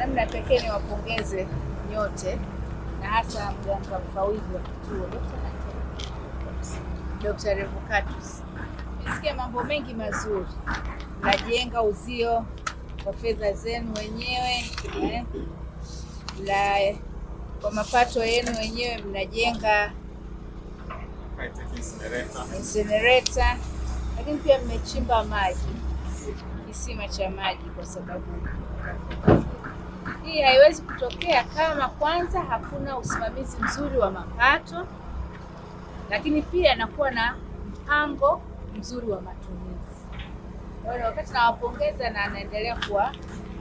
namna pekee niwapongeze nyote na hasa mganga mfawidhi wa kituo Dr. Revocatus. Nisikia mambo mengi mazuri, mnajenga uzio kwa fedha zenu wenyewe eh? La, kwa mapato yenu wenyewe mnajenga insenereta, lakini pia mmechimba maji, kisima cha maji kwa sababu hii haiwezi kutokea kama kwanza hakuna usimamizi mzuri wa mapato, lakini pia nakuwa na mpango mzuri wa matumizi. Kwa hiyo wakati nawapongeza na anaendelea kuwa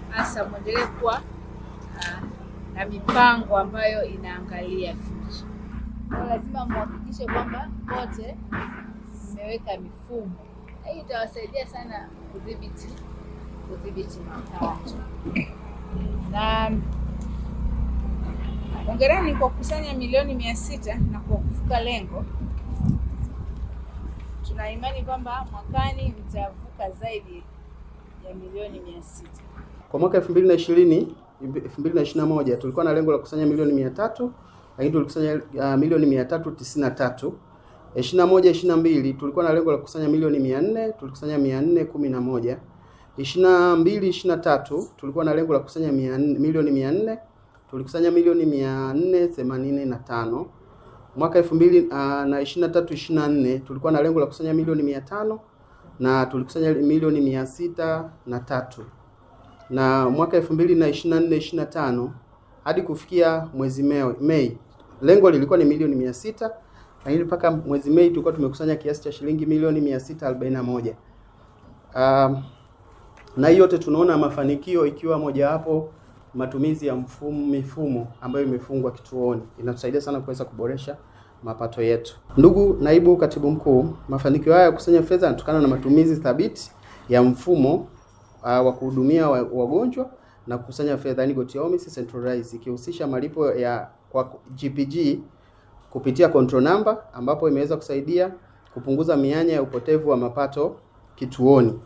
hasa mwendelee kuwa ah, na mipango ambayo inaangalia future. Lazima muhakikishe kwamba wote mmeweka mifumo hii, itawasaidia sana kudhibiti kudhibiti mapato. Gharama kwa kukusanya milioni mia sita na kwa kuvuka lengo, tuna imani kwamba mwakani mtavuka zaidi ya milioni mia sita. Kwa mwaka na na 2020 moja tulikuwa na lengo la kukusanya milioni mia tatu lakini tulikusanya uh, milioni mia tatu tisini na tatu. 21 mbili tulikuwa na lengo la kukusanya milioni 400, tulikusanya 411. 22 tatu tulikuwa na lengo la kukusanya milioni 400 tulikusanya milioni mia nne na tano mwaka ah, na nne tulikuwa na lengo la kukusanya milioni mia tano na tulikusanya milioni mia sita na tatu na mwaka elfu mbili na ishirini na nne ishirini na tano hadi kufikia mwezi Mei lengo lilikuwa ni milioni mia sita lakini mpaka mwezi Mei tulikuwa tumekusanya kiasi cha shilingi milioni mia sita arobaini na moja. Um, na hii yote tunaona mafanikio ikiwa mojawapo matumizi ya mfumo, mifumo ambayo imefungwa kituoni inatusaidia sana kuweza kuboresha mapato yetu. Ndugu naibu katibu mkuu, mafanikio haya ya kukusanya fedha yanatokana na matumizi thabiti ya mfumo uh, wa kuhudumia wagonjwa na kukusanya fedha, yani GoTHOMIS centralized, ikihusisha malipo ya kwa GPG kupitia control number, ambapo imeweza kusaidia kupunguza mianya ya upotevu wa mapato kituoni.